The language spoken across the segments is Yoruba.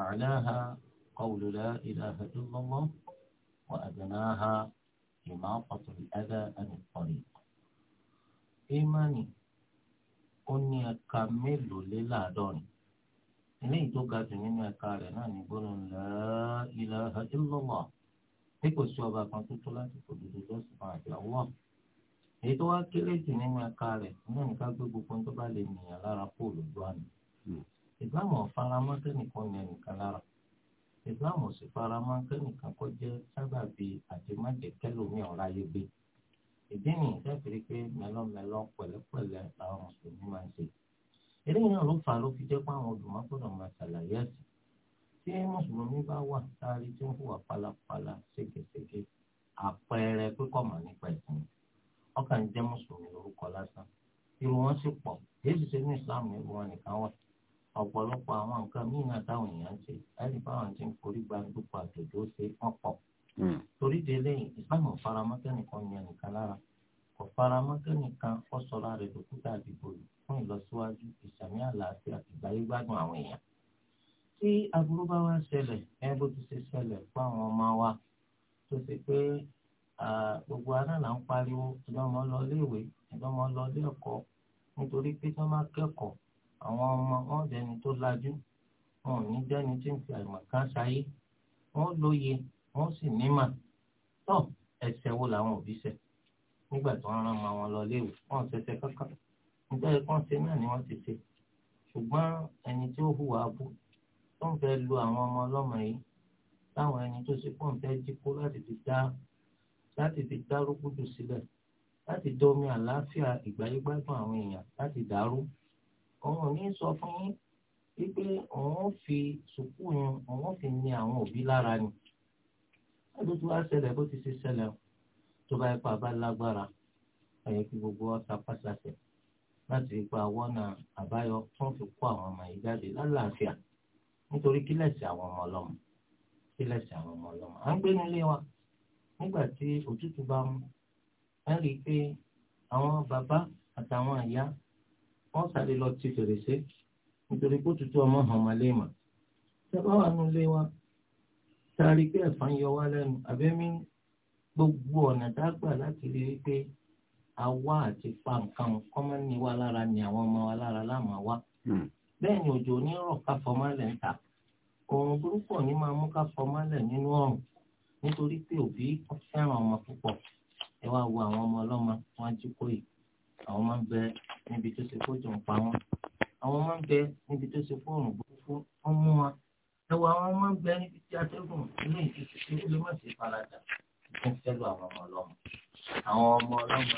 أعلاها قول لا إله إلا الله وأدناها إماطة الأذى عن الطريق إيماني أني أكمل للعدون eléyìí tó ga jù nínú ẹ̀ka rẹ̀ náà ní gbólóhùn la ilaha illallah bí kò sí ọba kan tó tó láti fòdodo lọ́sùn fún àti àwọ̀ èyí tó wá kéré jù nínú ẹ̀ka rẹ̀ náà ní ká gbé gbogbo tó bá lè nìyàn lára kó olùdó àná ìsìláàmù ọ̀faramọ́ kẹ́nìkan ní ẹnìkan lára ìsìláàmù sì faramọ́ kẹ́nìkan kó jẹ́ sábàbí àtìmọ́jẹ́ kẹlòmíì ọ̀rá yé gbé ìdí nìyí sẹ́fìrí pé mẹ́lọ́mẹ́lọ́ pẹ̀lẹ́pẹ̀lẹ́ àwọn mùsùlùmí máa ń ṣe eléyìí náà ló fà á ló fi jẹ́ pé àwọn olùmọ́gbọ́dọ̀ máa ṣàlàyé ẹ̀sìn tí mùsùlùmí bá wà sáré tí ń hùwà pálapàla ségesège àpẹẹrẹ pípọ̀ mọ̀ nípa ẹ̀sìn ọkàn jẹ́ mùsùlùmí lórúkọ lásán irú wọn sì pọ̀ yéésù ṣe ní ìsìláàmù irú wọn nìkan wọ̀n ọ̀pọ̀lọpọ̀ àwọn nǹkan míì náà táwọn èèyàn ṣe láti báwọn ti ń forí gba gbogbo àtòjọ ṣe wọ́n pọ̀. Hmm. torí de lẹ́yìn ìsìlámù faramọ́kẹ́nìkan yẹn nìkan lára kò faramọ́kẹ́nìkan kọ́ sọ́ra rẹ̀ dòkúta àdìgbò fún ìlọsíwájú ìsàmì àlàáfíà ìgbáyégbádùn àwọn èèyàn. tí aburú bá wá ṣẹlẹ̀ ẹ bó ti ṣe ṣẹlẹ̀ fún àwọn ọmọ wa tó ṣe pé gbogbo aná là nítorí pé tí wọ́n máa kẹ́kọ̀ọ́ àwọn ọmọ wọn dẹni tó lajú wọn ò ní dẹni tí ń fi àìmọ̀ kan ṣayé wọn lóye wọn sì nímà tó ẹ̀ṣẹ̀ wo làwọn òbí ṣẹ̀ nígbà tí wọn rán ọmọ wọn lọ léwu wọn ṣẹ̀ṣẹ̀ kankan nígbà tí wọn ṣe náà ni wọn ti ṣe ṣùgbọ́n ẹni tí ó hùwà abú tó ń fẹ́ lu àwọn ọmọ ọlọ́mọ yìí táwọn ẹni tó ṣe pọ̀ ń fẹ́ jí kó láti fi dá láti fi dá rúgúdù sílẹ̀ láti dómi àlàáfíà ìgbáyégbádùn àwọn èèyàn láti dàrú òun ò ní sọ fún yín wípé òun fi sùkúù yẹn òun fi ní àwọn òbí lára ni ẹgbẹ́ tó wá ṣẹlẹ̀ bó ti ṣe ṣẹlẹ̀ tó bá ipa bá lágbára ẹ̀yẹ kí gbogbo ọ̀tá pàṣẹ láti ipa wọ́nà àbáyọ tó ń fi kó àwọn ọmọ yìí jáde lálàáfíà nítorí kílẹ̀sì àwọn ọmọ ọlọ́mọ kílẹ̀sì àwọn ọmọ ọlọ́mọ à ń gbé nílé wa nígbà tí òtútù bá mú ẹ rí i pé àwọn bàbá àtàwọn àyà wọ́n sáré lọ ti fèrèsé nítorí kó tutù ọmọ hàn ọmọ léèmọ̀ sábà wà nù lé wa sáré pé ẹ̀fọn yọ wá lẹ́nu àbẹ́mí gbogbo ọ̀nà tá a gbà láti rí i pé àwa àti pa nǹkan kọ́mọ́ ní wa lára ni àwọn ọmọ wa lára láàmú wa hmm. bẹ́ẹ̀ ni òjò onírọ̀ ká fọmọ́lẹ̀ ń ta òun burúkú ọ̀ní máa mú ká fọmọ́lẹ̀ nínú ọ̀run nítorí pé òbí fẹ́ràn ọmọ púpọ̀ ẹ wá wo àwọn ọmọ ọlọ́mọ wọn jí kó yìí àwọn máa ń bẹ níbi tó ṣe kó jọ ń pa wọn àwọn máa ń bẹ níbi tó ṣe fóònù burúkú wọn mú wọn ẹwà àwọn máa ń bẹ níbi tí atẹ́gùn ilé ìtútù tí ó lè má ṣe faradà ìfún fẹ́lú àwọn ọmọ ọlọ́mọ àwọn ọmọ ọlọ́mọ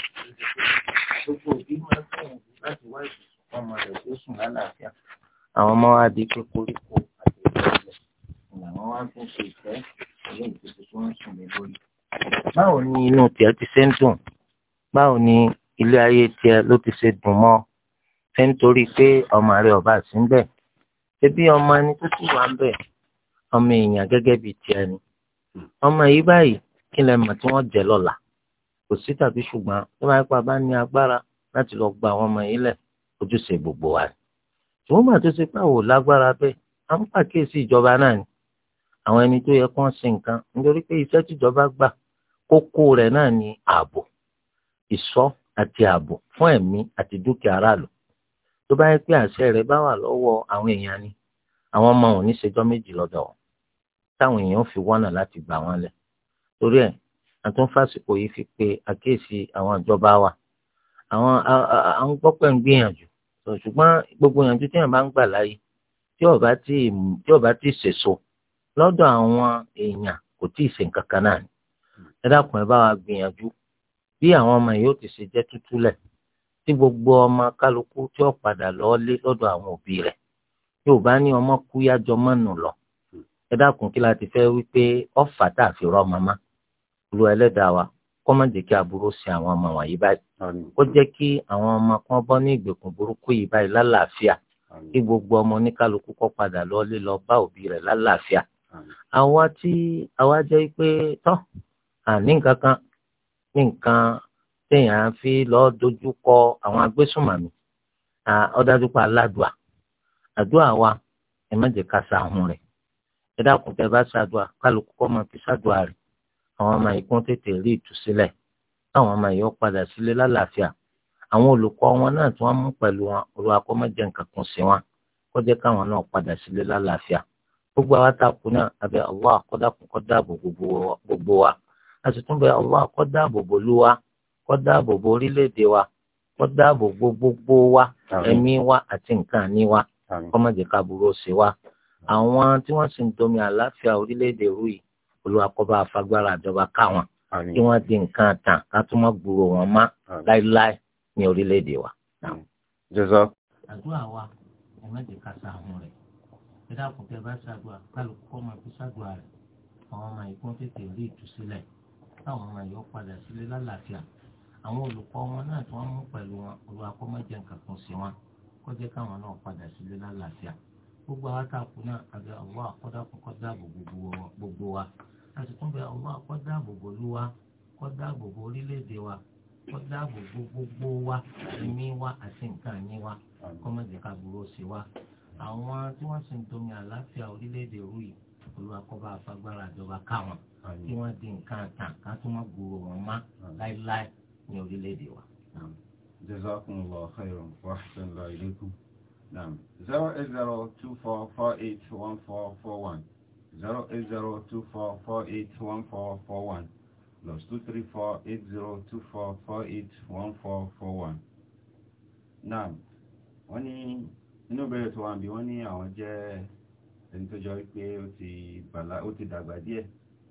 gbogbo òbí máa ń sọ̀rọ̀ láti wá ìbùsùn fún ọmọ rẹ̀ tó sùn lálàáfíà àwọn ọmọ wa di pé koríko àti ìgbàlẹ̀ làwọn wá tún ṣe ìfẹ́ ilé ìtútù tí wọ́n sùn lé lórí. báwo ni inú tìẹ́ ti ṣe ń dùn báwo ni ilé ayé tiẹ̀ ló ti ṣe dùn mọ́ ṣé nítorí pé ọmọ rẹ ọba sí ń bẹ ṣebí ọmọ ẹni tó sì wà ń bẹ ọmọ èèyàn gẹ́gẹ́ bíi tiẹ̀ ni ọmọ yìí báyìí kí lẹ mọ̀ tí wọ́n jẹ lọ́la kò sí tàbí ṣùgbọ́n tó máa ń pa bá ní agbára láti lọ gba àwọn ọmọ yìí lẹ̀ ojúṣe gbogbo wa ni ṣùgbọ́n màá tó ṣe pé lágbára bẹ́ẹ̀ à ń pàkíyèsí ìjọba náà ni àwọn ẹni tó yẹ kán ṣe nǹkan nítorí pé iṣẹ́ tìjọba gbà kókó rẹ̀ náà ni ààbò ìṣọ́ àti ààbò fún ẹ̀mí àti dúkìá aráàlú tó bá yẹ pé àṣẹ rẹ̀ bá wà lọ́wọ́ àwọn èèyàn ni àwọn ọmọ wọn níṣẹjọ́ méjì lọ́dọ̀ wọn táwọn èèyàn fi wọnà láti gbà wọn lẹ̀ torí ẹ̀ àtúnfàsìkò yìí fi pe àkíyèsí àwọn ìjọba wa àwọn àwọn gbọ́pẹ́ ń gbìyànjú ṣùgbọ́n gbogbo ìyànjú tí wọn bá ń gbà láyé tí ọba tí tí ọba tí ṣèso lọ́dọ̀ àwọn èèyàn kò tí ṣe nǹkan kan náà ẹ dákun ẹ bá wa gbìyànjú bí àwọn ọmọ yìí ó ti ṣe jẹ́ tútú lẹ̀ tí gbogbo ọmọ kálukú tí ó padà lọ́ọ́ lé lọ́dọ̀ àwọn òbí rẹ̀ yóò bá ní ọmọ kú yájọ mọ́nù lọ ẹ dákun kí la ti fẹ́ wí pé ọ̀fà tá a fi rọ́ ọmọ má lu ẹlẹ́dàá wa kọ́ má jẹ́ kí aburú sí àwọn ọmọ wọ̀nyí báyìí kó jẹ́ kí àwọn ọmọ kan bọ́ ní ìgbèkùn burúkú yìí báyìí lálàáfíà kí gbogbo ọmọ oníkálukú kọ́ padà lọ́ọ́lé lọ bá òbí rẹ̀ lálàáfíà àwa tí àwa jẹ́ pé tán àní nǹkan kan ní nǹkan téèyàn fi lọ́ọ́ dojú kọ àwọn agbésùnmàmí ọ̀dájú pa aládùá àdúrà wa ẹ má jẹ́ ká sàhùn rẹ̀ ẹ dákun tẹ́ bá ṣàdúrà kálukú kọ́ máa fi ṣàdúrà rẹ̀ àwọn ọmọ ìkún tètè rí ìtúsílẹ̀ káwọn ọmọ ìyọ́ padà sílé lálàáfíà àwọn olùkọ́ wọn náà tí wọ́n mú pẹ̀lú wọn olùwà kó nǹkan kan sí wọn kó jẹ́ káwọn náà padà sílé lálàáfíà gbogbo àwọn àtàkùn náà abẹ́ Allah àkọ́dàkùn kọ́ dáàbò gbogbo wa a sì tún bẹ Allah kó dáàbò bò lú wa kó dáàbò bò orílẹ̀-èdè wa kó dáàbò bò gbogbo wa ẹ̀mí wa àti nǹkan àní wa kó má jẹ́ ká burú sí wa. àwọn tí wọ́n sì ń domi àlàáfíà orílẹ̀-èdè rú yìí Olúwa kó bá afagbára àjọba ká wọn kí wọ́n di nǹkan tàn ká tún má gbúrò wọn má láíláí ní orílẹ̀-èdè wa. àdúrà wa ẹ má jẹ́ ká sàhùn rẹ̀ ẹ dákun tẹ bá ṣàdúrà kálukú kọ́ máa fi ṣàdúrà rẹ̀ àwọn ọmọ ìkún tètè rí ìtúsílẹ̀ táwọn ọmọ yọ padà sílé lálàáfíà àwọn olùkọ́ wọn náà tí wọ́n mú pẹ̀lú wọn olùwàkọ́mọ́jẹ nǹkan kan sí wọn kó jẹ́ káwọn náà padà sílé lálàáfíà gbogbo àwọn àtàkùn náà àbẹ ọwọ́ àkọ́dàkùn kó dáàbò gbogbo wa àti tún bẹ ọwọ́ àkọ́dàbò gbòlú wa kó dáàbò bo orílẹ̀-èdè wa kó dáàbò bo gbogbo wa ẹ̀mí wa àti nǹkan ẹ̀mí wa kọ́mọ̀jẹ̀ká burú sí wa àwọn tí wọ́n sì ń domi àlàáfíà orílẹ̀ rú yìí olùwàkọ́bà afagbára ìjọba káwọn kí wọ́n di nǹkan àtàn ká tó má gbòòrò wọn má láéláé ní orílẹ̀-èdè wa. jazakumullahu khairan wa ahsanallahu ilaykum. zero eight zero two four four eight one four four one zero eight zero two four four eight one four four one plus two three four eight zero two four four eight one four four one. naam wọ́n ní inú bẹ̀rẹ̀ tó wà ń bí wọ́n ní àwọn jẹ́ ẹni tó jọ wípé ó ti bàlá ó ti dàgbà díẹ̀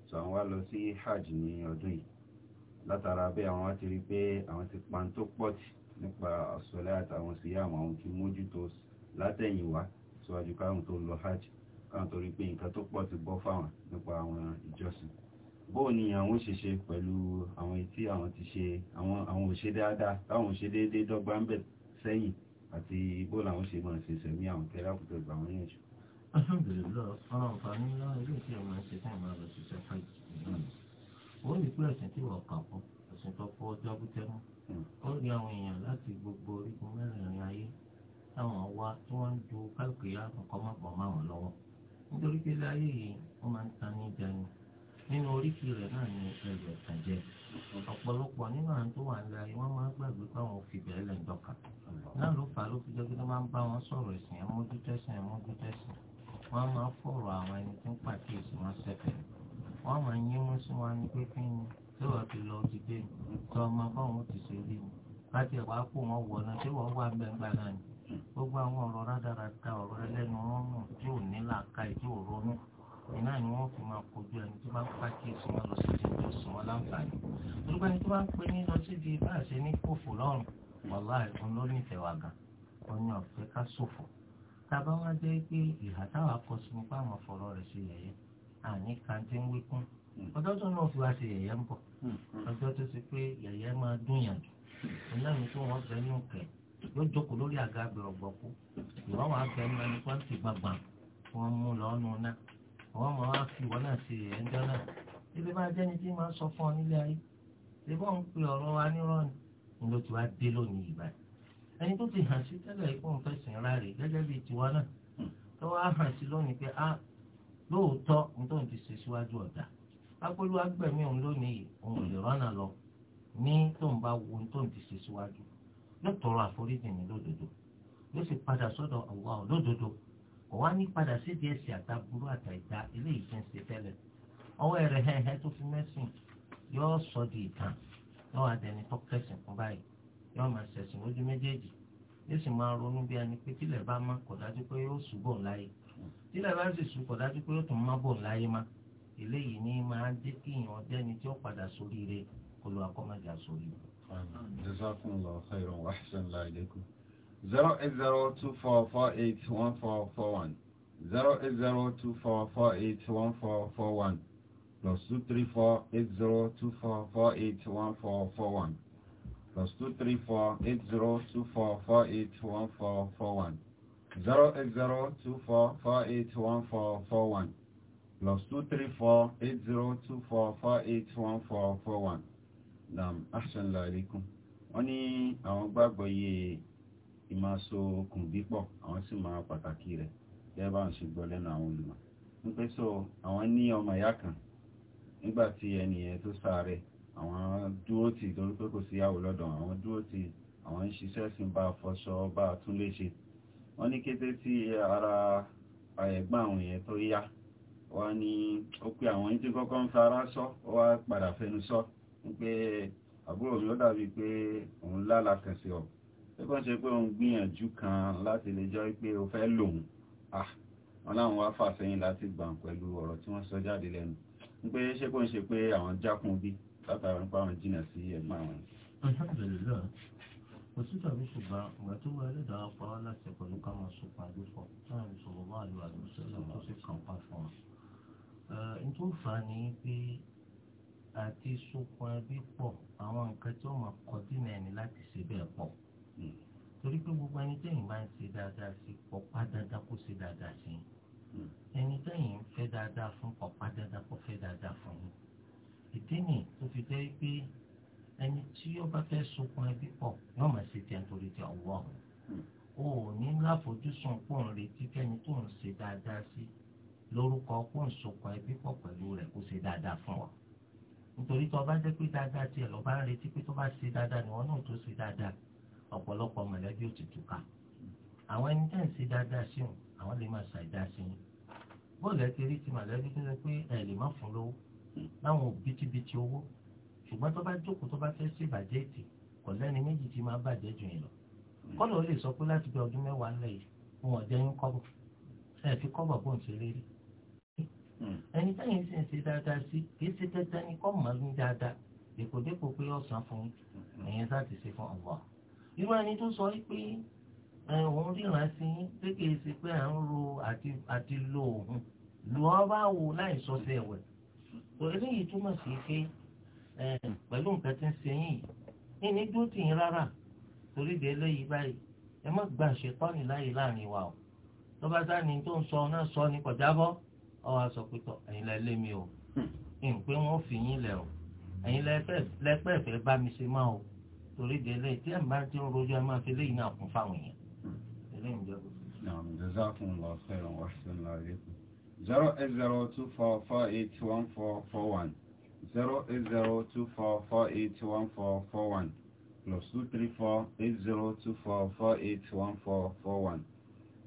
so àwọn wá lọ sí hajj ní ọdún yìí látara bẹ́ẹ̀ àwọn wá ti rí pé àwọn ti pan tó pọ̀ jù nípa ọ̀sọ̀lẹ́ àtàwọn sí àwọn àwọn tí mójútó látẹ̀yìn wá síwájú káwọn tó lọ hajj káwọn tó rí pé nǹkan tó pọ̀ ti bọ́ fáwọn nípa àwọn ìjọsìn bóò ni àwọn òṣèṣe pẹ̀lú àwọn etí àwọn ti ṣe àwọn òṣè dáadáa táwọn òṣè déédéé dọ́gba ń bẹ̀ sẹ́yìn àti bóò làwọn ṣe máa ṣe sẹ̀mí àwọn kẹrẹ́ àkùtẹ̀ gbà yẹn jù alhamdulilayi ọ̀rọ̀ nǹkan ńlá ilé tí ọmọ ẹ̀sìn tí ọmọ ẹ̀rọ ṣiṣẹ́ fàájì wọ́n lè pé ẹ̀sìn tí wọ́n kà fún ẹ̀sìn tó kọ́ ọjọ́ abútẹ́mú ó rí àwọn èèyàn láti gbogbo orígun mẹ́rẹ̀ẹ̀rin ayé táwọn wá tí wọ́n ń du kálukìyà nǹkan mọ̀pọ̀ mọ́ àwọn lọ́wọ́ nítorí pé láyé yìí wọ́n máa ń ta ní ìdáni nínú oríkì rẹ̀ náà ni ẹ̀rọ ẹ̀sìn jẹ́ ọ̀pọ̀lọpọ̀ nínú àwọn tó wà nílẹ̀ ayé wọ́n máa ń gbàgbé káwọn fi bẹ̀rẹ̀ lẹ́ńdọ́kà náà ló fà á ló fi jẹ́ pé wọ́n máa ń bá wọn sọ̀rọ̀ ẹ̀sìn ẹ̀mójútẹ́sìn ẹ̀mójútẹ́sìn wọ́n máa fọ̀rọ̀ àwọn ẹni tó ń pàkíyèsí wọn sẹ́fẹ̀ wọ́n máa yín mú sí wọn ní pé fún tí ti lọ ti dé mi ti ṣe rí láti kó wọn wọ̀ náà tí wà ni gbogbo àwọn rádaràda tí ò ní ni fi máa kojú ẹni tí wọn lọ ti tó wọn láǹfààní ẹni tàbá wá jẹ́ pé ìhà táwa kọ sí nípa àwọn fọ̀rọ̀ rẹ̀ ṣe yẹ̀yẹ́ àní kàńtí ń wíkún hmm. ọjọ́ tó náà fi wá ṣe yẹ̀yẹ́ ń bọ̀ hmm. ọjọ́ tó ṣe pé yẹ̀yẹ́ máa dún yàn onáàmì tó bẹ lórí àga ọ̀gbọ̀kú wọn abẹ ẹni ti gbàgbà wọn mú náà fi náà ṣe ni ẹni tó ti hàn sí tẹ́lẹ̀ ikú ń fẹ̀sìn ra rẹ̀ gẹ́gẹ́ bíi tiwa náà hmm. tó wá hàn sí lónìí pé a ah, lóòótọ́ nítorí ti ṣe síwájú ọ̀dà òun lónìí òun lọ ní tó ń bá wo nítorí síwájú yóò tọrọ àforíjì ní lódodo yóò sì sọ́dọ̀ lódodo yóò máa ṣẹ̀sìn lójú méjèèjì yóò sì máa ronú bí ẹni pé tílẹ̀ bá má kọ̀ dájú pé yóò sùn bọ̀ láyé tílẹ̀ bá sì sùn kọ̀ dájú pé yóò tún má bọ̀ láyé má eléyìí ní máa jẹ́ kí èèyàn jẹ́ni tí ó padà sórí rẹ̀ kó lọ akọ́mọ̀jà sórí zero zero two four four eight one four four one zero eight zero two four four eight one four four one plus two three four eight zero two four four eight one four four one plus two two two three four four four four four four four eight eight eight zero zero zero one one eight one four four one plus 234-8024-481441 naam ahsanla alaikum wọ́n ní àwọn gbàgbọ́ yìí ìmáa so kùnbí pọ̀ àwọn sì máa pàtàkì rẹ̀ gẹ́gẹ́ bá ń ṣe gbọ́ lẹ́nu àwọn olùmọ̀ ń pẹ́ sọ àwọn ní ọmọ ìyá kan nígbà tí ẹnìyẹn tó sáré àwọn dúró tì torí pé kò síyàwó lọ́dọ̀ àwọn dúró tì àwọn ń ṣiṣẹ́ sí bá fọṣọ bá tún lè ṣe wọ́n ní kété tí ara ẹ̀gbọ́n àwọn yẹn tó yá wọ́n ní ó pé àwọn yìí tí kọ́kọ́ ń fara sọ ó wá padà fẹnu sọ wípé àbúrò mi ó dàbí pé òun lálàkànṣe ọ̀ pé kọ́ ṣe pé òun gbìyànjú kan láti lè jọ pé ó fẹ́ lòun ah wọn láwọn wá fà sẹ́yìn láti gbà pẹ̀lú ọ̀rọ̀ tí wọ́n sọ jáde lẹ́nu wípé ṣé kò ń ṣe pé àwọn jákun bíi látara ń pàwọn jìnà sí ẹ̀gbọ́n alhamdulillah kò sí tàbí ṣùgbọ́n ìgbà tó wà ẹlẹ́dàá pa wá láti pẹ̀lú ká máa sọ pàdé pọ̀ láàrin sọ̀rọ̀ wá àlọ́ àdúgbò tó sì kàn pa fún wa. n tó fà á ní pé àti sopọ̀ ẹbí pọ̀ àwọn nǹkan tí wọ́n máa kọ́ dínà ẹni láti ṣe bẹ́ẹ̀ pọ̀ hmm. torí pé gbogbo ẹni tẹ́yìn bá ń ṣe dáadáa sí pọ̀ dáadáa kó ṣe dáadáa sí hmm. ẹni tẹ́yìn ń fẹ́ dáadáa fún pọ̀ dáadáa kó fẹ́ dáadáa fún yín ìdí nì tó fi jẹ́ pé ẹni tí ó bá fẹ́ sokun ẹbí pọ̀ yóò máa ṣe tiẹ̀ nítorí ti ọ̀wọ́ o ò ní láfojúsùn pò ń retí kẹ́ni tó ń ṣe dáadáa sí lórúkọ pò ń sokun ẹbí pọ̀ pẹ̀lú rẹ̀ kó ṣe dáadáa fún ọ nítorí tó bá jẹ́ pé dáadáa tiẹ̀ lọ́ba ń retí pé tó bá ṣe dáadáa ni wọ́n náà tó ṣe dáadáa ọ̀pọ̀lọpọ̀ mọ̀lẹ́bí ò ti túká àwọn ẹni tẹ́ ń ṣe dáadáa sí wọn àwọn lè máa ṣàìdá sí yín bóòlù ẹ ti rí ti mọ̀lẹ́bí tó ṣe pé ẹ lè má fún lówó láwọn òbítíbitì owó ṣùgbọ́n tó bá jókòó tó bá fẹ́ ṣe ìbàjẹ́ ètè kò lẹ́ni méjì tí máa bàjẹ́ jù yín lọ hmm. kọ́nà ó lè sọ pé láti bí ọdún mẹ́wàá ńlẹ̀ yìí wọn ọ̀jẹ́ yín kọ́bọ̀ ẹ fi kọ́bọ̀ bó ń ṣe lérí hmm. ẹni táyìn sì ń ṣe dáadáa sí kì í ṣe dáadáa ní kọ́ mọ́ ní dáadáa dèpò dépò pé ọ̀sán fún ẹ̀yẹn hmm. láti ṣe fún ọ̀wọ́ irú ẹni tó sọ pé òun ríran sí pé kì í ṣe pé à ń ro àti lo òun lù ọ́ bá wo láì sọ sí ẹ̀wẹ̀ sọ eléyìí túmọ̀ sí pé pẹ̀lú nǹkan tí ń ṣe yín yìí ní dúró tì yín rárá torí de eléyìí báyìí ẹ má gba ṣètọ́nì láàyè láàrin wa o tó bá ni tó ń sọ náà sọ ní kọjábọ́ ọ wá sọ pé tọ ẹ̀yin lẹ lé mi o hmm. n pé wọ́n fi yín lẹ̀ o ẹ̀yin lẹ́pẹ́ ẹ̀fẹ́ bá mi ṣe máa o torí de eléyìí tí ẹ̀ máa ti ń rojọ́ ẹ máa fi eléyìí náà kún fáwọn èèyàn hmm. eléyìí ń jẹ́ kó. 08024481441 08024481441 plus 2348024481441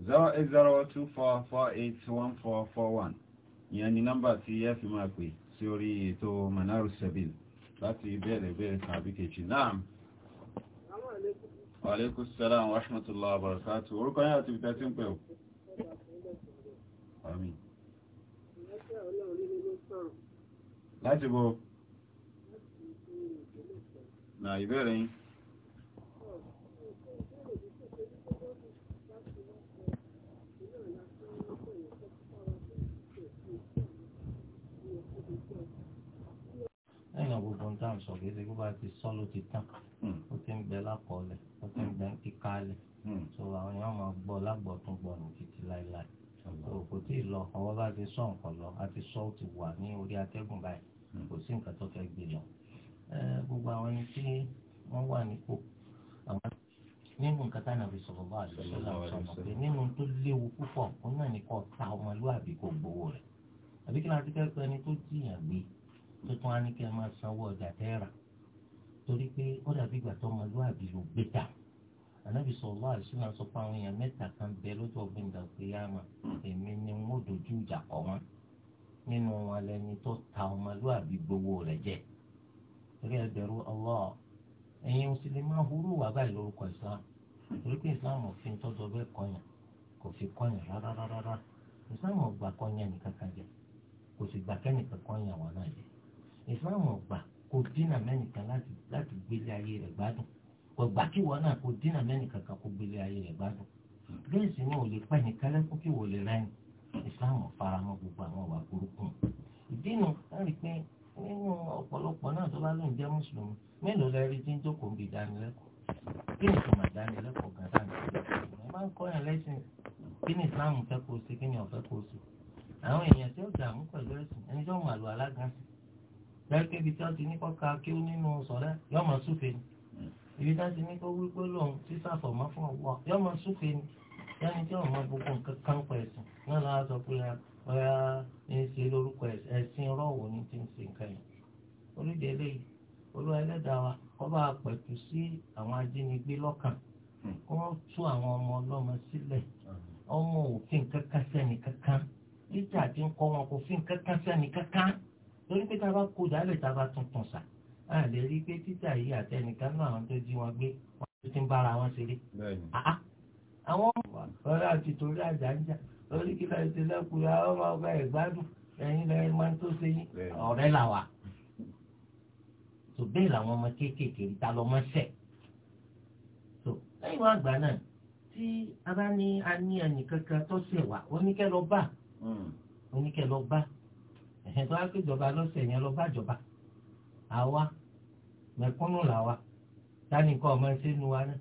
08024481441 ìyẹn ni nọ́mbà tí yẹ́ fi máa pè sí orí ètò manaru sebil láti bẹ̀rẹ̀ bẹ̀rẹ̀ tàbí kejì náà Wàlékú sálàm wàṣmàtàlá àbàràkátù orúkọ yáà ti fi tẹ́tí ń pẹ̀ ò. Àmín láti bọ́ na ìbẹ̀rẹ̀ yìí ẹ̀yàn gbogbo ń tàn sọ gẹ́gẹ́ bó bá ti sọ́ ló ti tán hmm. ó ti ń bẹ lápọ̀ọ́lẹ̀ ó ti ń bẹ kíkálẹ̀ hmm. so àwọn èèyàn máa gbọ́ lágbọ̀ọ́ tún gbọ́ ní títí láéláé kò tí ì lọ ọwọ́ bá ti sọ nǹkan lọ àti sọ ó ti wà ní orí atẹ́gùn báyìí hmm. kò sí nǹkan tó fẹ́ gbé lọ. gbogbo àwọn ẹni tí wọ́n wà nípò àwọn nínú nǹkan tá nàbí sọ̀rọ̀ bá àdúgbò sọ̀rọ̀ pé nínú tó léwu púpọ̀ òun náà ní kò ta ọmọlúwàbí kò gbowó rẹ̀ àbí kí láti kẹ́kọ̀ọ́ ẹni tó jìyàn gbé tó á ní kẹ́ máa sanwó ọjà tẹ́ torí pé ó dàbí ìgbà tó ọmọlúwàbí ló gbé dà ànábì sallallahu alaihi wasallam sọ pé àwọn èèyàn mẹ́ta kan bẹ lọ́jọ́ ọ̀gbìn ìdàgbéyàmà èmi ni wọ́n dojú ìjà kọ wọn nínú wọn lẹni tó ta ọmọlúwàbí gbowó rẹ̀ jẹ torí ẹgbẹ̀rún Allah ẹ̀yin òsì lè máa wà báyìí lórúkọ Islam torí pé Islam òfin tọ́jú ọbẹ̀ kọyàn kò fi kọyàn rárárárá Islam ọgbà kọyàn nìkan kan jẹ kò sì gbà kẹ́nìkan kọyàn wọn náà jẹ Islam ọgbà kò dínà mẹ́nìkan láti gbélé ayé rẹ̀ ọgbà kí wọn náà kò dínà mẹ́rin kankan kó gbélé ayé rẹ̀ gbádùn bẹ́ẹ̀ sì ò lè pẹ́ nìkan lẹ́kọ́ kí wọ́n lè rẹ́yìn Islam faramọ́ gbogbo àwọn ọ̀wà burúkú ìdínà láti pé nínú ọ̀pọ̀lọpọ̀ náà tó bá lóun jẹ́ mùsùlùmí mélòó lẹ rí tí ń jókòó bí ìdánilẹ́kọ̀ọ́ kí ni ìtumọ̀ ìdánilẹ́kọ̀ọ́ gan dánilẹ́kọ̀ọ́ ẹ máa ń kọ́ Islam fẹ́ kó o sí kí ni ọ̀fẹ́ kó o sí àwọn èèyàn tí ó dààmú pẹ̀lú ẹ̀sìn ẹni tí ó mọ̀ àlọ́ alágànsì lẹ́ẹ̀kẹ́bi ibi tá ti ní kó wí pé lòun sísàfọ̀ mọ́ fún ọwọ́ yóò mọ súfè ni yáni tí ọ̀mọ gbogbo nǹkan kan pa ẹ̀sìn náà lára sọ pé ọ̀yà ní ṣe lórúkọ ẹ̀sìn rọ̀wọ̀ ní ti ń ṣe nǹkan yìí olùdíje eléyìí olúwa ẹlẹ́dàá wa kọ́ bá pẹ̀tù sí àwọn ajínigbé lọ́kàn hmm. kó wọ́n tú àwọn ọmọ ọlọ́mọ sílẹ̀ hmm. ọmọ òfin kankan sẹ́ni kankan lítà a lè rí pé títà yìí àtẹnìkan náà àwọn tó jí wọn gbé wọn tó ti ń bára wọn ṣeré. àwọn ọ̀rẹ́ àti torí àjàǹjà lórí kí lóye ti lẹ́kùn yà ọmọ ọgbà ìgbádùn ẹ̀yin lẹ́yìn máa ń tó sẹ́yìn ọ̀rẹ́ là wà. tó bẹ́ẹ̀ làwọn ọmọ kéékèèké ń ta lọ́mọ sẹ̀. tó lẹ́yìn wọn àgbà náà tí a bá ní a ní ẹnì kankan tó sẹ̀ wá oníkẹ́ lọ bá oníkẹ́ hmm. lọ bá ẹ̀hìn àwa mẹ̀kúnnù làwa tani kọ́ ọmọ ẹsẹ̀ nu wa náà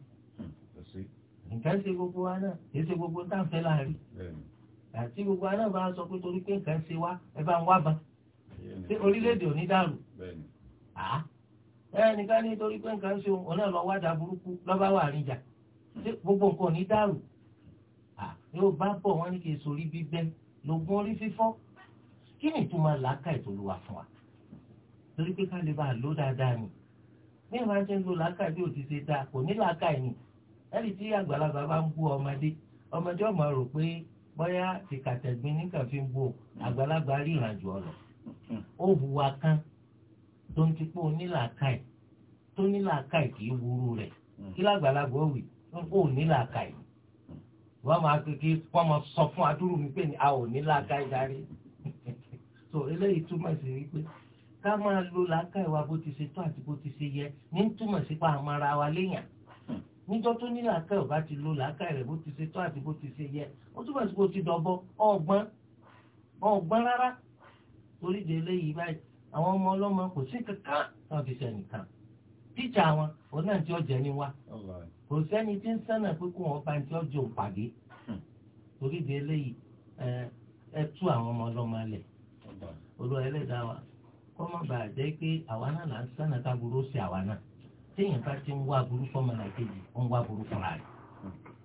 hmm, nǹkan ṣe gbogbo wa náà kì í ṣe gbogbo tá à ń fẹ́ láàrin àti gbogbo wa náà bá sọ pé torí pé nǹkan ṣe wá ẹ bá ń wá ban ṣé orílẹ̀-èdè ò ní dàrú ẹnìkan ní torí pé nǹkan ṣe òun náà lọ wájà burúkú lọ́ba wà níjà ṣé gbogbo nǹkan ò dàrú yóò bá bọ̀ wọ́n ní kí n sori bíbẹ́ lògùn orí fífọ́ kí ni ìtumọ̀ làákà ìtòlúwa fún wa torí pé ká lè bá a lò dáadáa ni bí ìwà ṣe ń lo làákàyè bí òtí ṣe dáa kò ní làákàyè ni ẹni tí àgbàlagbà bá ń bú ọmọdé ọmọdé ọmọ rò pé bóyá tìkàtẹ̀gbin níkà fi ń bú àgbàlagbà ríran jù ọ lọ ó hùwà kan tó ń tipó onílàákàyè tó nílàákàyè kì í wúru rẹ̀ kí làgbàlagbà ó wì ó nílàákàyè wọ́n máa kékeré wọ́n máa sọ fún adúrú mi pé a ò nílàákàyè darí so eléyìí túmọ̀ sí ká máa lo làákà ìwà bó ti ṣe tó àti bó ti ṣe yẹ ní túmọ̀ sípa àwọn ara wa léèyàn hmm. níjọ́ tó ní làákà ìwà ti lo làákà rẹ̀ bó ti ṣe tó àti bó ti ṣe yẹ ó túmọ̀ sí pé ó ti dọ̀bọ ọ̀gbọ́n ọ̀gbọ́n rárá torí de eléyìí báyìí àwọn ọmọ ọlọ́mọ kò sí kankan náà fi ṣe nìkan tíjà wọn òun náà ti ọjà ni wa kò sẹ́ni tí ń sánà pé kó wọn bá ń tí ọjọ́ òpàdé hmm. torí de eléyìí ẹ tú àwọn ọmọ ọlọ́mọ alẹ̀ olú ẹlẹ́dàá wa kọ́ má bàa jẹ́ pé àwa náà là ń sànà ká burú sí àwa náà téèyàn bá ti ń wá burú fọ́mọ náà kejì ó ń wá burú fúnra rẹ̀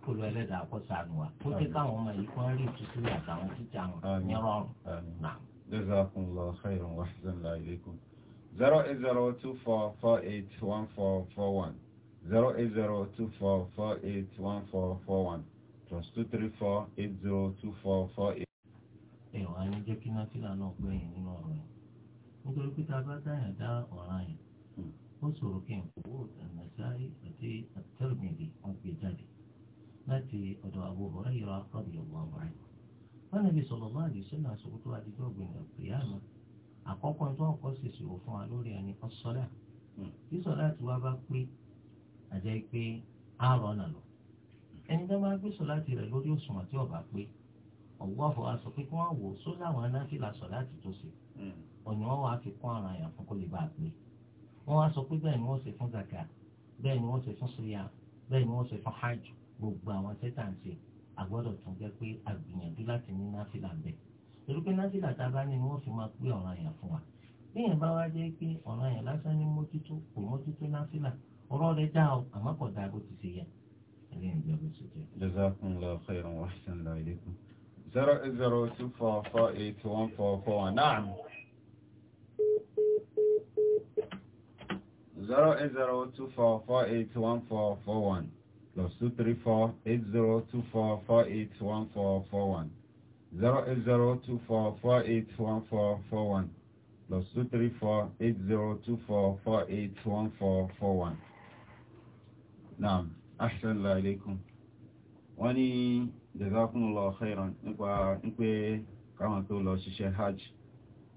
kó lọ ẹlẹ́dàá àkọ́ sànù wa kó jẹ́ káwọn ọmọ yìí kọ́ rí ìtúsílẹ̀ àtàwọn títà wọn ní rọrùn náà. jazakumullahu khairan wa ahsanallahu ilaykum zero eight zero two four four eight one four four one zero eight zero two four four eight one four four one plus two three four eight zero two four four eight. ẹ̀wọ̀n á ní jẹ́ kí náà fílà náà gbẹ̀yìn nínú ọ̀rọ̀ yìí nítorí pé tá a bá dáyàn dá ọ̀ràn yẹn hmm. ó ṣòro kí n kó ànàsáyé àti àtẹ́rùmìlì wọn gbé jáde láti ọ̀dọ̀ Abu Hurairah radiyallahu anhu. wọ́n níbi sọ̀rọ̀ bá àdìsọ́ náà sọ tó adigun ọ̀gbìn àpèyàmọ́ àkọ́kọ́ tó ń kọ́ ṣèṣirò fún wa lórí ẹni ọ̀sọ́lá hmm. tí sọ̀lá ti wá bá pé àjẹ́ pé àárọ̀ ọ̀nà lọ ẹni tó máa gbé sọ̀lá ti rẹ̀ lórí òṣùwọ̀n tí ọ̀bà pé ọ̀nà wọn wá fi kún ọ̀ràn àyàn fún kó lè bá a pé wọ́n wá sọ pé bẹ́ẹ̀ ni wọ́n ṣe fún zaka bẹ́ẹ̀ ni wọ́n ṣe fún suya bẹ́ẹ̀ ni wọ́n ṣe fún hajj gbogbo àwọn sẹ́tàǹsì àgbọ́dọ̀ tún jẹ́ pé àgbìyànjú láti ní náfìlà bẹ́ẹ̀ torí pé náfìlà tá a bá ní ni wọ́n fi máa pé ọ̀ràn àyàn fún wa bíyàn bá wá jẹ́ pé ọ̀ràn àyàn lásán ní mójútó kò mójútó náfìlà ọ̀rọ̀ rẹ̀ dá o àmọ́ kò dáa bó ti ṣe yẹ. jazakumullahu khairan wa ahsana ilaykum zero eight zero two four four eight one four four one naam. zero eight zero two four four eight one four four one plus two three four eight zero two four four eight one four four one zero eight zero two four four eight one four four one plus two three four eight zero two four four eight one khairan nípa nípe káwọn tó lọ ṣiṣẹ́ hajj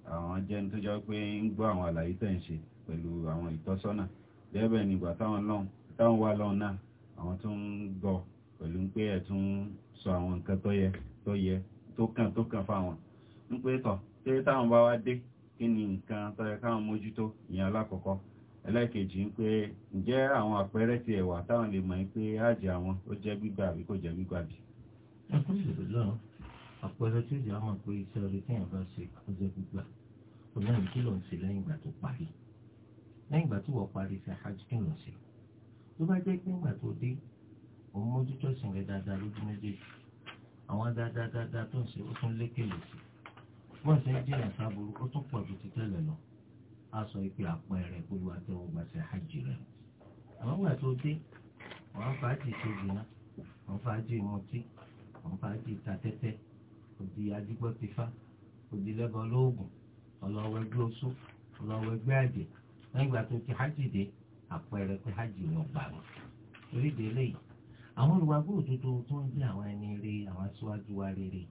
àwọn jẹ́ ní tó jọ pé ń gbọ́ àwọn àlàyé tẹ̀ ń ṣe pẹ̀lú àwọn ìtọ́sọ́nà bẹ́ẹ̀ nígbà táwọn lọ́n táwọn wá lọ́n náà àwọn tó ń gọ pẹ̀lú pé ẹ̀ tún sọ àwọn nǹkan tó yẹ tó yẹ tó kàn tó kàn fáwọn ń pé tọ̀ pé táwọn bá wá dé kí ni nǹkan tó yẹ káwọn mójútó ìyẹn alákọ̀ọ́kọ́ ẹlẹ́ẹ̀kejì ń pé ǹjẹ́ àwọn àpẹẹrẹ ti ẹ̀wà táwọn lè mọ̀ pé àjẹ́ àwọn ó jẹ́ gbígbà àbí kò jẹ́ gbígbà bí. àpẹẹrẹ tí ó jẹ́ àwọn pé iṣẹ́ orí téèyàn bá ṣe ó jẹ́ gbígbà ó náà ní kí ló ń ṣe lẹ́yìn ìgbà tó parí lẹ́yìn ìgbà tí wọ́n parí ṣe hajj kí ló ṣe tó bá jẹ́ pé nígbà tó dé òun mójútó sìn rẹ̀ dáadáa lójú méjèèjì àwọn dáadáa dáadáa tó ń ṣe ó tún lékèlè sí wọ́n ṣe ń jìnnà sábúrú ó tún pọ̀ ju ti tẹ́lẹ̀ lọ á sọ pé àpẹẹrẹ olúwa tẹ́wọ́ gbà ṣe hajj rẹ̀ àwọn ìgbà tó dé wọ́n fàájì ṣe jìnnà wọ́n fàájì mọtí wọ́n fàájì tatẹ́tẹ́ òdì adigbọ́tifá òdì lẹ́bọ̀ lóògùn nígbà tó ti hajj dé àpẹẹrẹ pé hajj wọn gbà wọn torí délé yìí àwọn olùwàgbò òdodo tó ń jẹ́ àwọn ẹni rí àwọn aṣáájú wa rere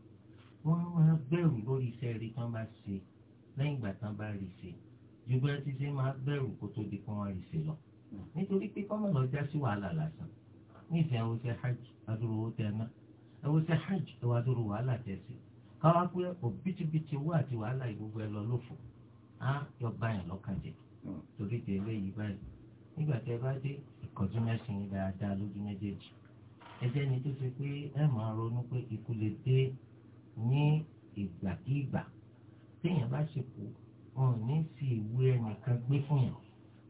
wọ́n máa bẹ̀rù lórí iṣẹ́ rí tán bá ṣe lẹ́yìn ìgbà tán bá rí ṣe ju bí wọ́n ti ṣe máa bẹ̀rù kó tó di kí wọ́n rí ṣe lọ nítorí pé kọ́mọ̀ lọ já sí wàhálà lásán nífẹ̀ẹ́ àwọn oṣù hajj adúrò owó tẹ ná ẹwọ́ oṣù hajj ẹwà adúrò wàhálà tẹ sí káwá pé òbítíbitì owó àti wàhálà ìgbogbo ẹ lọ lófo á yọ báyìí lọ́kàn jẹ́ Mm. torí di eléyìí báyìí nígbà tí ẹ bá dé ìkọjú mẹ́sìn yìí dáadáa lójú méjèèjì ẹ jẹ́ ni tó ṣe pé ẹ máa ronú pé ikú lè dé ní ìgbàkígbà téèyàn bá ṣe kú wọn ò ní sí ìwé ẹnìkan gbé fún yàn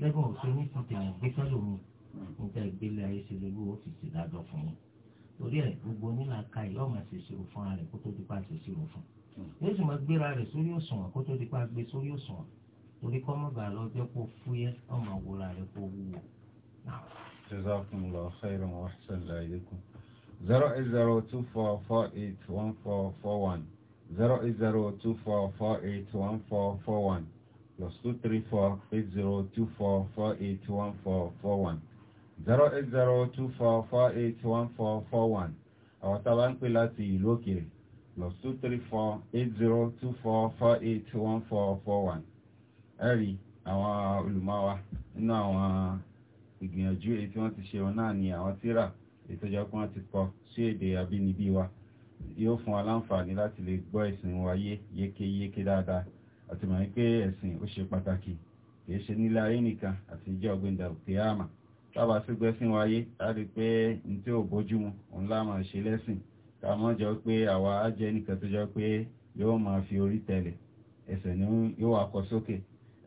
lẹ́gbọ̀n òfin ní ti tèèyàn gbé sẹ́lòmíì mm. níta ìgbélé ayé ṣe lè lówó ti ṣe dájọ́ fún yín torí ẹ gbogbo onílà ka yìí ọmọ ṣèṣirò fún ara rẹ kó tó di pa ṣèṣirò fún mm. yóò sì máa gbéra rẹ sórí òṣùwọ̀n kó tó di pa gbé e sórí òṣùwọ̀n torí kọ́ mọ̀ bàa lọ jẹ́ kó fúyẹ́ ọmọ àwòrán rẹ̀ kó wúwo. jazakumullahu khairan wa ahsana ilaykum zero eight zero two four four eight one four four one zero eight zero two four four eight one four four one plus two three four eight zero two four four eight one four four one zero eight zero two four four eight one four four one àwọn tábà ń pè láti ìlú òkèèrè plus two three four eight zero two four four eight one four four one ẹ̀rí àwọn olùmọ́wa nínú àwọn ìgbìyànjú èyí tí wọ́n ti ṣe wọn náà ni àwọn tíra ìtọ́jọ́ pé wọ́n ti kọ sí èdè abínibí wa yóò fún wa láǹfààní láti lè gbọ́ ẹ̀sìn wa yé yékéyéké dáadáa àti mọ̀ pé ẹ̀sìn ó ṣe pàtàkì kìí ṣe nílé ayé nìkan àti ìjọ ọgbẹ̀ndà òkè àmà tábà sí gbẹ́sìn wáyé láti pé ní tí ò bójúmu òun láàmà ṣe lẹ́sìn ká jọ pé àwa á jẹ́ nìkan tó jọ pé yóò máa fi orí tẹ̀lẹ̀ ẹsẹ̀ ni yóò wà kọ sókè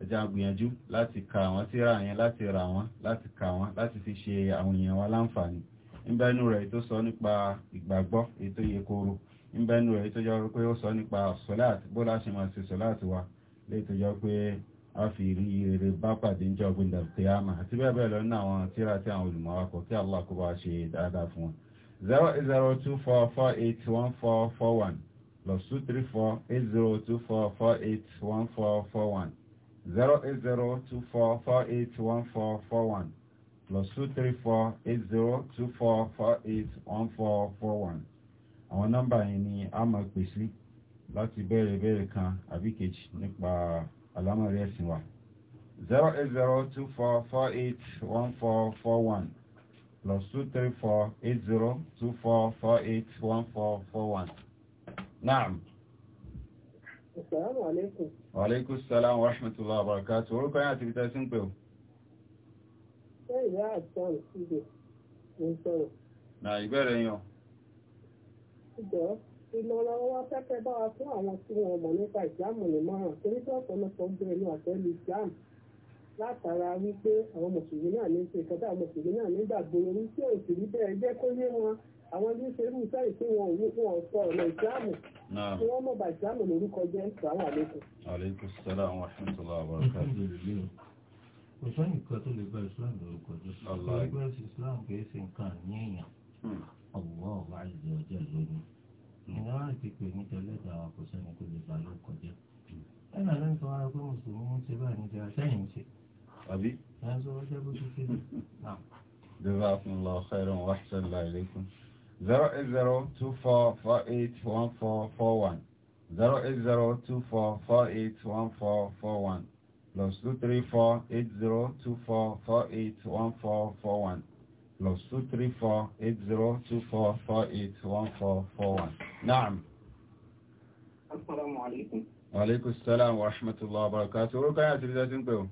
ẹja gbìyànjú láti ka àwọn tírà yẹn láti rà wọ́n láti ka wọ́n láti fi ṣe àwọn èèyàn wa láǹfààní ìbẹ́nu rẹ̀ tó sọ nípa ìgbàgbọ́ ètò iye ìbẹ́nu rẹ̀ tó jọ pé ó sọ nípa sọ́láàtì bó láṣẹ máa ṣe sọ́láàtì wa lè jọ pé a fi rí rere bá pàdé níjọ́ lọ nínú àwọn tírà tí àwọn zero eight zero two four four eight one four four one plus two three four eight zero two four four eight one four four one àwọn nọ́mbà yìí ni a máa pè sí láti béèrè béèrè kan àbí kejì nípa àlámọ̀rí ẹ̀sìn wa zero eight zero two four four eight one four four one plus two three four eight zero two four four eight one four four one naam. Assalamu alaikum. Wa alaikum salam wa rahmatullahi wa barakatuh. Orúkọ yá àti ibi tẹ́sí ń pè ó. Ṣé ìyá àjọrò síbẹ̀ ń sọ̀rọ̀? Nà ìbẹ̀rẹ̀ yan. Ìjọ́ ìlọ́lọ́wọ́ wá fẹ́fẹ́ wọ́n mọ̀ nípa látara wípé àwọn mùsùlùmí náà ní ṣe ìkọ́tà mùsùlùmí náà nígbàgbọ́ orí tí ò sì rí bẹ́ẹ̀ jẹ́ kó yé wọn àwọn ilé ìṣerú sáì tí wọn ò ní fún ọ̀sọ̀ ọ̀nà ìsìlámù tí wọ́n mọ̀ bá lórúkọ jẹ́ àlékún. àlékún àwọn àṣìṣẹ́lá àwọn sọ nǹkan tó lè bá islam lórúkọ islam kì í ṣe nǹkan àníyàn ọ̀wọ́ ọ̀wá ìjọ ọjọ́ lónìí ní kò sẹ́ni àbí. jazakumullahu khairan wa ahsanallahu ilaykum zero eight zero two four four eight one four four one zero eight zero two four four eight one four four one plus two three four eight zero two four four eight one four four one plus two three four eight zero two four four eight one four four one. naam. Assalamu alaikum. Wa alaikum assalam wa rahmatullahi wa barakatuh. Orúkọ yà ti rí dájú ń pè ọ́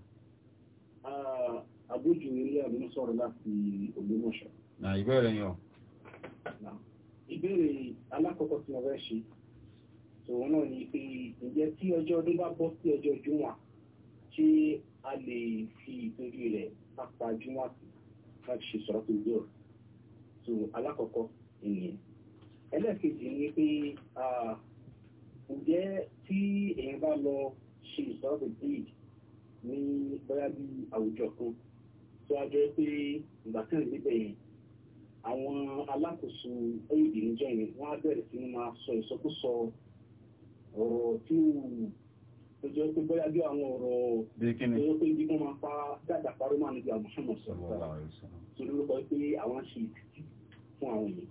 àbójú ilé àlùmọ́ sọ̀rọ̀ láti Ògbómọ̀ṣọ́. nà ìbéèrè yàn. ìbéèrè alákọ̀ọ́kọ́ tí mo fẹ́ ṣe tòun náà ni pé ǹjẹ́ tí ọjọ́ ọdún bá bọ́ sí ọjọ́ júmọ̀ ṣé a lè fi ìtọ́jú rẹ̀ pápá júmọ̀ sí láti ṣe sọ̀rọ̀ tó gbòòrò tó alákọ̀ọ́kọ́ ìyẹn. ẹlẹ́ẹ̀kejì ni pé ǹjẹ́ tí èèyàn bá lọ ṣe ìsọ̀rọ̀ tó ní bóyá bí àwùjọ kan tó a jọ pé ìgbà kan níbẹ̀ yẹn àwọn alákòóso ayédè níjọ yẹn wọ́n á bẹ̀rẹ̀ sí ní máa sọ ìsọkúsọ ọ̀rọ̀ tí ó tó jẹ́ pé bóyá bí àwọn ọ̀rọ̀ tó jẹ́ pé bí wọ́n máa pa dàgbà parọ́ máa níbi àwọn ṣọ́mọ̀ sọ̀rọ̀ tó lórúkọ pé àwọn ṣe ìtìtì fún àwọn yìí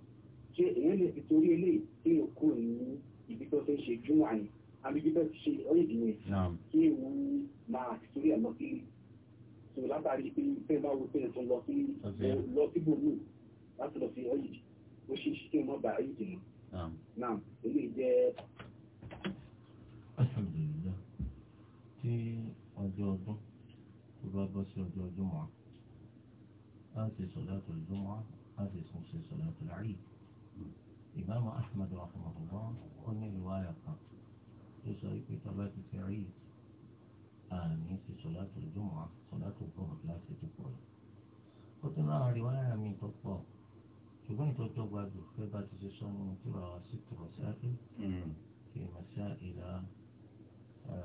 ṣé èèyàn lè fi torí eléyìí tí yóò ní ibi tó fẹ́ ṣe júmọ̀ àyè àbí bí bẹ́ẹ̀ ṣe ọ̀yẹ́dì yẹn kí èèyàn máa torí ẹ̀ lọ so látàrí pé pé máa wo pé ẹ̀ tó lọ sí lọ sí gbòòlù láti lọ sí ọ́yì ó ṣe ṣe kí wọ́n bá ayé jìnnà náà èlé jẹ́. alhamdulilayi tí ọjọ́ ọdún tó bá bọ́ sí ọjọ́ ọdún mọ́ a ṣe sọ̀láàtò ọdún mọ́ a ṣe sùn ṣe sọ̀láàtò láàyè ìbámu ahmed rahman ọ̀gbọ́n ó ní ìwà ayọ̀ kan tó sọ pé tọ́lá ti fi rí yìí àní ti sọ̀látò jùmọ̀ sọ̀látò gbọ̀ngàn láti ti pọ̀ lọ. ó ti máa rí wáyà mi tó pọ̀ ṣùgbọ́n ìtọ́jú gbàdù fẹ́ bá ti ṣe sọ ní ìtura wa sí tòrọ̀ sáré kì í màṣá ìlà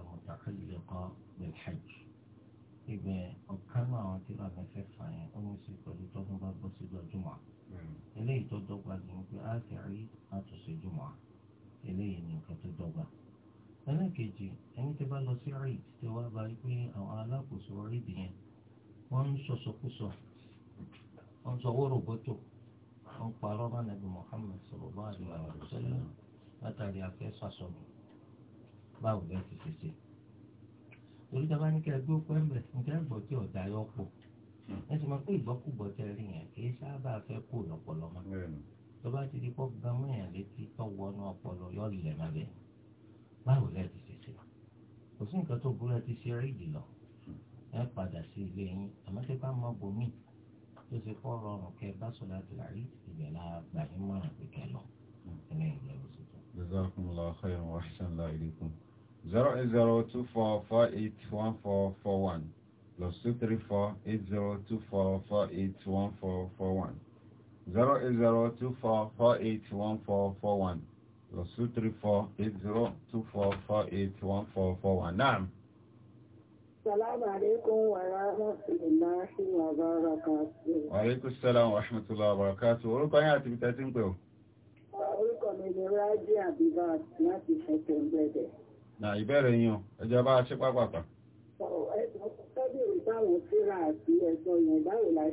mùtàkàlìlẹ́kọ̀ bilhajj. ibẹ̀ ọ̀kan náà àwọn tíra mẹ́fẹ́ fà yẹn ó ní sí pẹ̀lú tọ́dún bá bọ́ sí jùmọ̀ hmm. eléyìí tó dọ́gba ni wípé á kẹ́rí àtúnṣe jùmọ̀ eléyìí ni nǹkan tó dọ́gba ẹlẹ́ẹ̀kejì ẹni tí bá lọ sí rìd tí wọ́n bá pé àwọn alákòóso rìd yẹn wọ́n ń sọ̀sọ̀kúsọ wọ́n ń sọwọ́ rògbòtò wọ́n parọ́ bá nàbì Muhammad sọ̀rọ̀bá àdìwà àdìsẹ́lẹ̀ látàrí afẹ́ sàṣọ̀bù báwo bẹ́ẹ̀ ti ṣe ṣe. torí tí a bá ní kí ẹ gbé òkú ẹ̀mẹ̀ nígbà ẹ̀gbọ́ tí ọ̀dà yọ pọ̀ ẹ sì máa pé ìgbọ́kùgbọ́ tẹ rí yẹn kì í sábà fẹ́ kó lọ́pọ̀lọ́ mọ́ tó bá ti di pọ́ gbámúyàn létí tọ́wọ́ ọ̀nà ọpọlọ yọ̀ọ́ báwo lẹ́ẹ̀ ti ṣe ṣe kò sí nǹkan tó burú ẹ ti ṣe rí ìdìlọ ẹ padà sí ilé yín àmọ́ ṣe bá mọ́ bomi tó ṣe kọ́ rọrùn kẹ bá sọ láti rárí ìbẹ̀ la gbà yín mọ̀ràn pé kẹ lọ ẹlẹ́yìn lẹ́yìn oṣù tó. zero eight zero two four four eight one four four one plus two three four eight zero two four four eight one four four one zero eight zero two four four eight one four four one. plus 234-802448-1441. Naam. Salamu alaikum wa rahmatullahi wa barakatuh. Wa alaikum salam wa rahmatullahi wa barakatuh. Orúkọ yẹn àti bíta tí ń pè ó. Orúkọ mi ni Rájí Àbíbá láti Nà ìbẹ̀rẹ̀ yín o, ẹjọ́ bá ṣe pápápá. la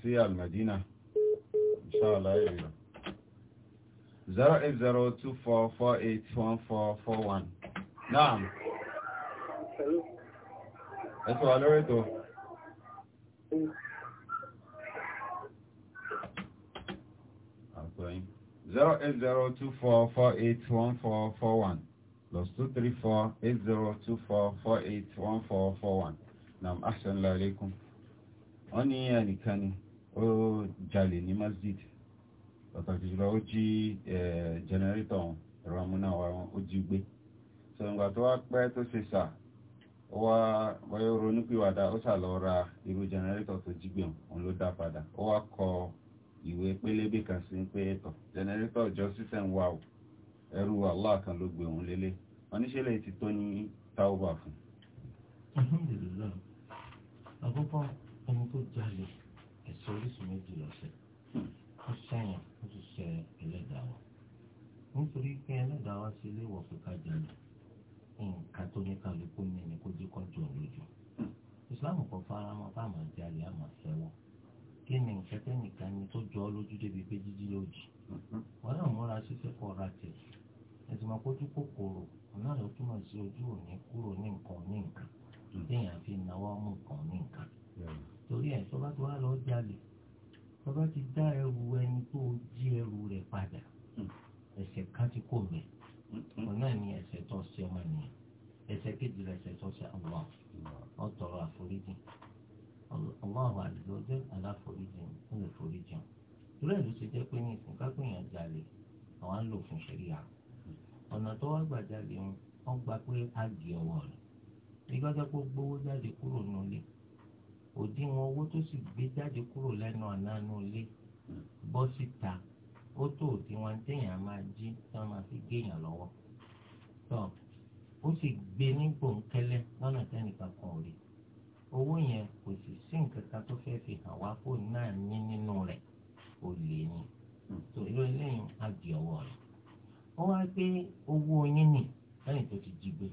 ṣe lè Ẹ inshallah èrè 08024481441 naam ẹ̀tọ́ wa lórí ètò four one. plus two two three four four four eight eight zero one 2348024481441 naam ahsan alaykum wọ́n ní ẹnìkan ni ó jalè ní masjid pàtàkì jùlọ ó jí jẹnẹrétọ̀ ẹ̀rọ amúnáwá ó jí gbé tó wá pẹ́ tó ṣe sà ó wá irú jẹnẹrétọ̀ tó jí gbé òun ló dá padà ó wá kọ ìwé pélébé kan sí pé ẹ̀tọ̀ jẹnẹrétọ̀ wà ẹrú kan ló gbé òun ti tó ní táwọ́bà fún. ẹ̀sẹ̀ oríṣi méjì lọ́sẹ̀ hmm. ó sẹ́yìn ó ti ṣe ẹlẹ́dàá wa nítorí pé ẹlẹ́dàá wa ti léwọ̀ fún kájà lọ nǹkan tó ní kálukú ní ni kó jí kọjú òrùjú Islam kò fara mọ́ bá àmọ́ jalè àmọ́ fẹ́wọ́ kí ni nǹkan tẹ́nìkan ni tó jọ ọ́ lójú débi pé jíjí lójì hmm. wọn náà múra ṣíṣe kọ́ ra tẹ̀ ẹ̀sìn máa kójú kòkòrò náà ló túmọ̀ sí ojú òní kúrò ní nǹkan ní nǹkan ìdíyàn hmm. fi náwó mú nǹkan ní nǹkan torí ẹ̀ tó bá ti wá lọ jalè tó bá ti dá ẹrù ẹni tó jí ẹrù rẹ̀ padà ẹ̀ṣẹ̀ kan ti kó rẹ̀ ọ̀nà ni ẹ̀ṣẹ̀ tó ṣe ọmọ nìyẹn ẹ̀ṣẹ̀ kejì rẹ̀ ẹ̀ṣẹ̀ tó ṣe ọmọ ọ̀tọ̀rọ̀ àforíjì ọlọ́run àdìgbò jẹ́ aláforíjì olùforíjì torí ẹ̀ ló ṣe jẹ́ pé ní ìsìnká pé èèyàn jalè àwọn ń lò fún ṣẹ̀ríà ọ̀nà tó wá gbà jalè wọn gba pé á gé ọwọ́ rẹ̀ ìgbàgbọ́ gbówó jáde kúrò nílé òdiwọ̀n owó tó sì gbé jáde kúrò lẹ́nu ànánú ilé bọ́ síta ó tó òdiwọ̀n téèyàn máa jí tí wọ́n máa fi géèyàn lọ́wọ́ tó ó sì gbé ní gbòǹkẹ́lẹ́ lọ́nà tẹ́nìkan kan ò rí owó yẹn kò sì sí nǹkan kan tó fẹ́ fi hàn wá kó náà ní nínú rẹ̀ ò lè ní tó irú eléyìí á di ọwọ́ rẹ̀ ó wá gbé owó yín nì lẹ́yìn tó ti jí gbé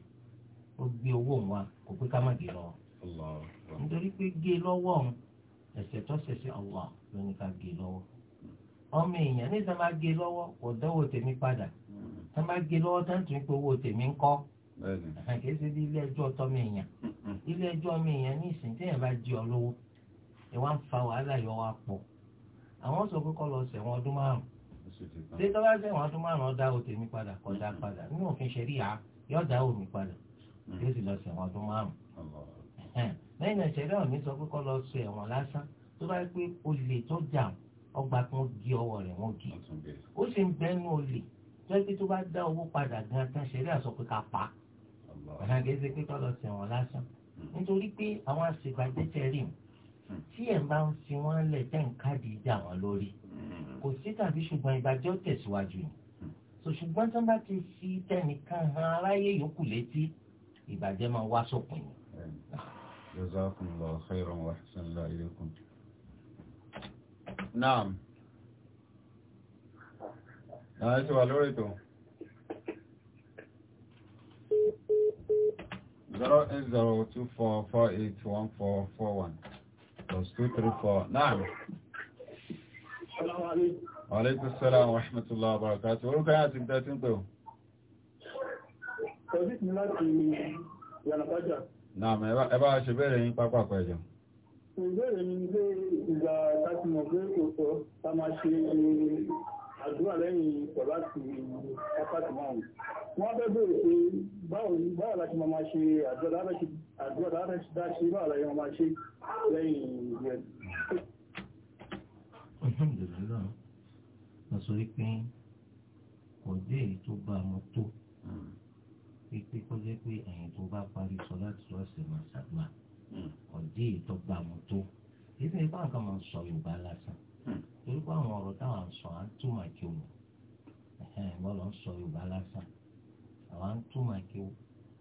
ó gbé owó wa kò pé ká nítorí pé gé lọ́wọ́ òun ẹ̀ṣẹ̀ tó ṣẹ̀ṣẹ̀ Allah ló ní ká gé lọ́wọ́ ọmọ èèyàn ní sábà gé lọ́wọ́ kò dánwò tèmi padà sábà gé lọ́wọ́ tó ń tún pé owó tèmi ń kọ́ kìí ṣe bí ilé ẹjọ́ tọ́mọ èèyàn ilé ẹjọ́ ọmọ èèyàn ní ìsìn tí èèyàn bá jí ọ lọ́wọ́ ẹ wá ń fa wàhálà yọ wá pọ̀ àwọn sọ pé kọ́ lọ sẹ̀wọ̀n ọdún márùn ṣé tó sẹ̀wọ̀n ọdún márùn ọ̀dà ò padà kọjá padà nínú òfin ṣẹ̀ríà yọ̀ọ̀dà ò mi padà hmm. yóò sì lọ sẹ̀wọ̀n ọdún márùn lẹ́yìn náà ṣẹ̀rí ọ̀mí sọ pé kọ́ lọ sọ ẹ̀wọ̀n lásán tó bá pé olè tó jà ọgbà kan gé ọwọ́ rẹ̀ wọ́n gé ó sì ń bẹ́nu olè tó pé tó bá dá owó padà gan tán ṣẹ̀rí àsọ pé ká pa àgẹ́sẹ̀ pé kọ́ lọ sọ ẹ̀wọ̀n lásán hmm. nítorí pé àwọn àṣèbàjẹ́ ṣẹ̀rí hmm. tí ẹ̀ bá ń fi wọ́n lẹ̀ tẹ́ ń káàdì ìjà wọn lórí hmm. kò sí tàbí ṣùgbọ́n ìbàjẹ́ ó tẹ̀síwájú ni so ṣùgbọ́n tí wọ́n bá ti fi tẹnìkan han aráyé yòókù létí ìbàjẹ́ máa wá sópin ni. جزاكم الله خيرا واحسن الله اليكم نعم هاي آه، سؤال وريتو زرو ان زرو تو فور فور ايت وان فور فور وان بلس تو نعم عليكم السلام ورحمة الله وبركاته ورو كان عزيزي Nàmà ẹ bá ṣe bẹ̀rẹ̀ yín pápákọ̀ ẹ̀jọ̀. Ìbéèrè mi lé ìgbà láti mọ̀ pé kò sọ, ta máa ṣe àdúrà lẹ́yìn pọ̀ láti wákàtí márùn-ún. Wọ́n fẹ́ bèèrè pé báwo láti máa ṣe àdúrà dáṣe báwo láti máa ṣe lẹ́yìn ìgbẹ́. Alhamdulillah, wọ́n sọ wípé kò dé èyí tó bá ọmọ tó. Hmm pé kọjá pé ẹ̀yìn tó bá parí sọ láti lọ sí máa ṣàdúrà ọ̀dí hmm. ìtọ́gbà mu tó èyí ni báwọn kan máa ń sọ Yorùbá lásán hmm. torí pé àwọn ọ̀rọ̀ táwọn sọ à ń túmọ̀ kí o wọ́n lọ ń sọ Yorùbá lásán àwọn à ń túmọ̀ kí o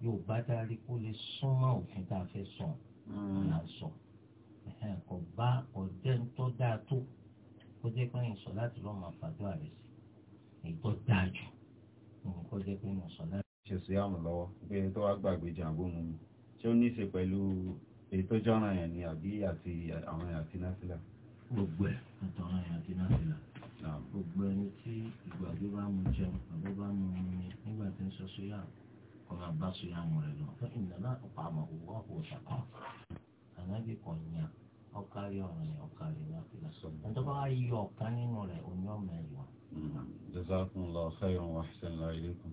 Yorùbá dárí kó lè súnmọ́ òfin tá a fẹ́ sọ hmm. là ń sọ kò bá ọ̀dẹ́ ń tọ́ dáa tó kọjá pé ẹ̀yìn sọ láti lọ́ọ́ máa fàdúrà rẹ̀ sí èyí dáa jù nǹkan jẹ́ pé ẹ̀yìn sọ láti ṣe síyàmù lọ́wọ́ pé tó wá gbàgbé jàǹbó mu mi ṣé ó ní ṣe pẹ̀lú èyí tó jọ́nà yẹn ni àbí àti àwọn èèyàn àti násìlà. gbogbo ẹ̀ àtàwọn èèyàn àti násìlà gbogbo ẹni tí ìgbàgbé bá mu jẹun àbó bá mu mu mi nígbà tí ń sọ síyà kọ́ máa bá síyà mu rẹ̀ lọ fún ìnáná ọ̀pá àmọ̀ òwò àpò ṣàkọ́ ànágbé kan yàn ọ̀kárí ọ̀ràn yẹn ọ̀kárí násìlà ẹ̀ńtọ́ bá yọ ọ̀kan nínú rẹ̀ òní ọ̀mọ̀ ẹ̀yọ. jazakumullahu khairan wa ahsana ilaykum.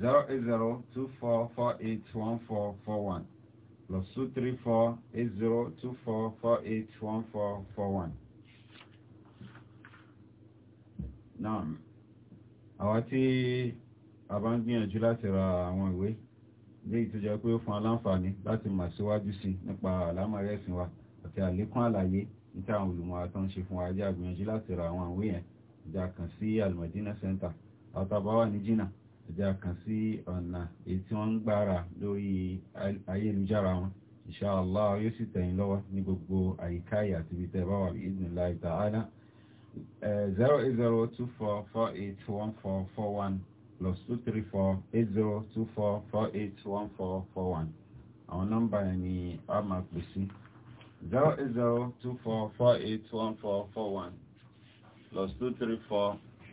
zero eight zero two four four eight one four four one plus two three four eight zero two four four eight one four four one. náà àwa tí a bá ń gbìyànjú láti ra àwọn ìwé léyìí tó jẹ́ pé ó fún aláǹfààní láti mà síwájú sí nípa àlámọ̀rí ẹ̀sìn wa àti àlékún àlàyé níta àwọn olùmọ̀ àti ń ṣe fún wa jẹ́ àgbìyànjú láti ra àwọn ìwé yẹn ìjà kan sí Al-Madina Center àtàbáwá ní jìnnà 0244 ẹ̀já kan sí ọ̀nà èyí tí wọ́n ń gbára lórí ayélujára wọn insha Allah yóò sì tẹ̀yìn lọ́wọ́ ní gbogbo àyíkáyà àti ibi tẹ́ bá wà bi'iznillahi ta'ala 08024481441 plus 2348024481441 àwọn nọ́mbà yẹn ni a máa pè sí 08024481441 plus 234 8024481441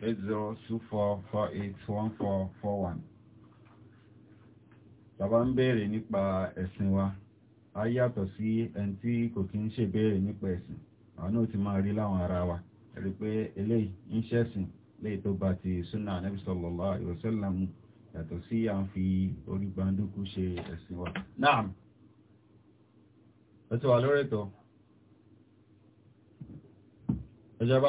bàbá ń béèrè nípa ẹ̀sìn wa a yàtọ̀ sí ẹni tí kò kí ń ṣe béèrè nípa ẹ̀sìn àwọn náà ti máa rí láwọn ara wa rí pé eléyìí ń ṣẹ̀sìn si tó bá ti súnà Ànábì sallallahu alaihi yàtọ̀ sí à ń fi orí gbandúkú ṣe ẹ̀sìn wa náà ẹ̀tọ́ lórí ẹ̀tọ́ ẹjọba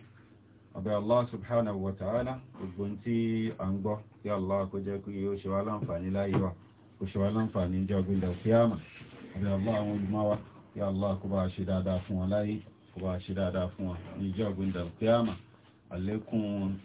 àbẹ̀ Allah subhanahu wa ta'ala gbogbo tí a ń gbọ́ tí Allah kó jẹ́ kí ó ṣe wá láǹfààní láyé wa kó ṣe wá láǹfààní jẹ́ ọgbìndà kíyàmà àbẹ̀ Allah àwọn olùmọ́wà tí Allah kó bá ṣe dáadáa fún wọn láyé kó bá ṣe dáadáa fún wọn ní jẹ́ ọgbìndà kíyàmà àlékún